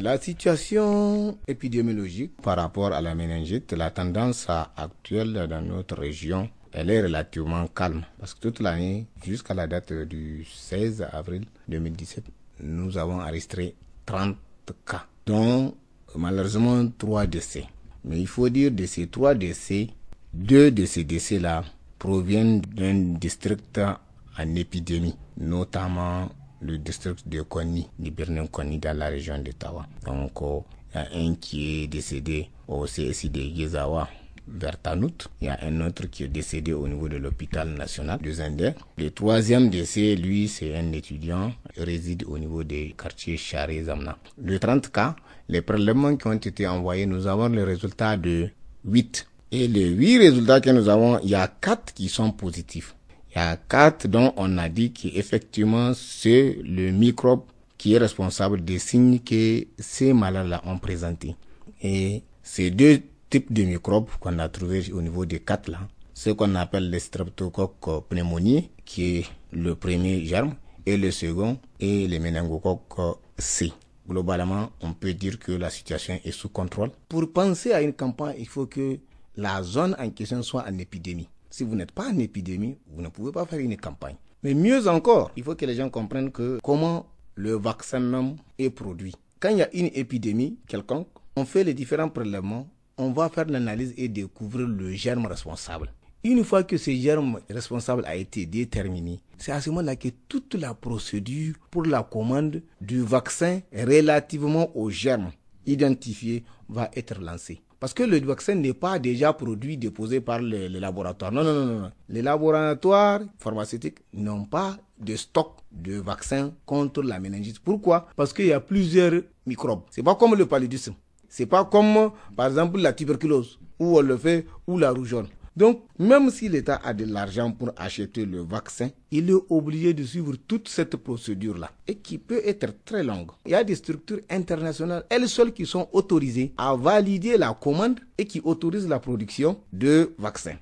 La situation épidémiologique par rapport à la méningite, la tendance actuelle dans notre région, elle est relativement calme parce que toute l'année, jusqu'à la date du 16 avril 2017, nous avons enregistré 30 cas, dont malheureusement 3 décès. Mais il faut dire de ces 3 décès, 2 de ces décès-là proviennent d'un district en épidémie, notamment le district de Kony, du Birnin Kony dans la région de Tawa. Donc, euh, il y a un qui est décédé au CSI de Gizawa vers Il y a un autre qui est décédé au niveau de l'hôpital national de Zender. Le troisième décès, lui, c'est un étudiant, réside au niveau des quartiers Charé-Zamna. Le 30 cas, les prélèvements qui ont été envoyés, nous avons le résultat de 8. Et les 8 résultats que nous avons, il y a 4 qui sont positifs. Il y a quatre dont on a dit qu'effectivement c'est le microbe qui est responsable des signes que ces malades-là ont présentés. Et ces deux types de microbes qu'on a trouvés au niveau des quatre là, ce qu'on appelle le streptocoque pneumonie, qui est le premier germe, et le second est le méningocoque C. Globalement, on peut dire que la situation est sous contrôle. Pour penser à une campagne, il faut que la zone en question soit en épidémie. Si vous n'êtes pas en épidémie, vous ne pouvez pas faire une campagne. Mais mieux encore, il faut que les gens comprennent que comment le vaccin même est produit. Quand il y a une épidémie quelconque, on fait les différents prélèvements, on va faire l'analyse et découvrir le germe responsable. Une fois que ce germe responsable a été déterminé, c'est à ce moment-là que toute la procédure pour la commande du vaccin relativement au germe identifié va être lancée. Parce que le vaccin n'est pas déjà produit déposé par les, laboratoires. Non, non, non, non. Les laboratoires pharmaceutiques n'ont pas de stock de vaccins contre la méningite. Pourquoi Parce qu'il y a plusieurs microbes. C'est pas comme le paludisme. C'est pas comme, par exemple, la tuberculose, où on le fait, ou la rougeole. Donc, même si l'État a de l'argent pour acheter le vaccin, il est obligé de suivre toute cette procédure-là et qui peut être très longue. Il y a des structures internationales, elles seules qui sont autorisées à valider la commande et qui autorisent la production de vaccins.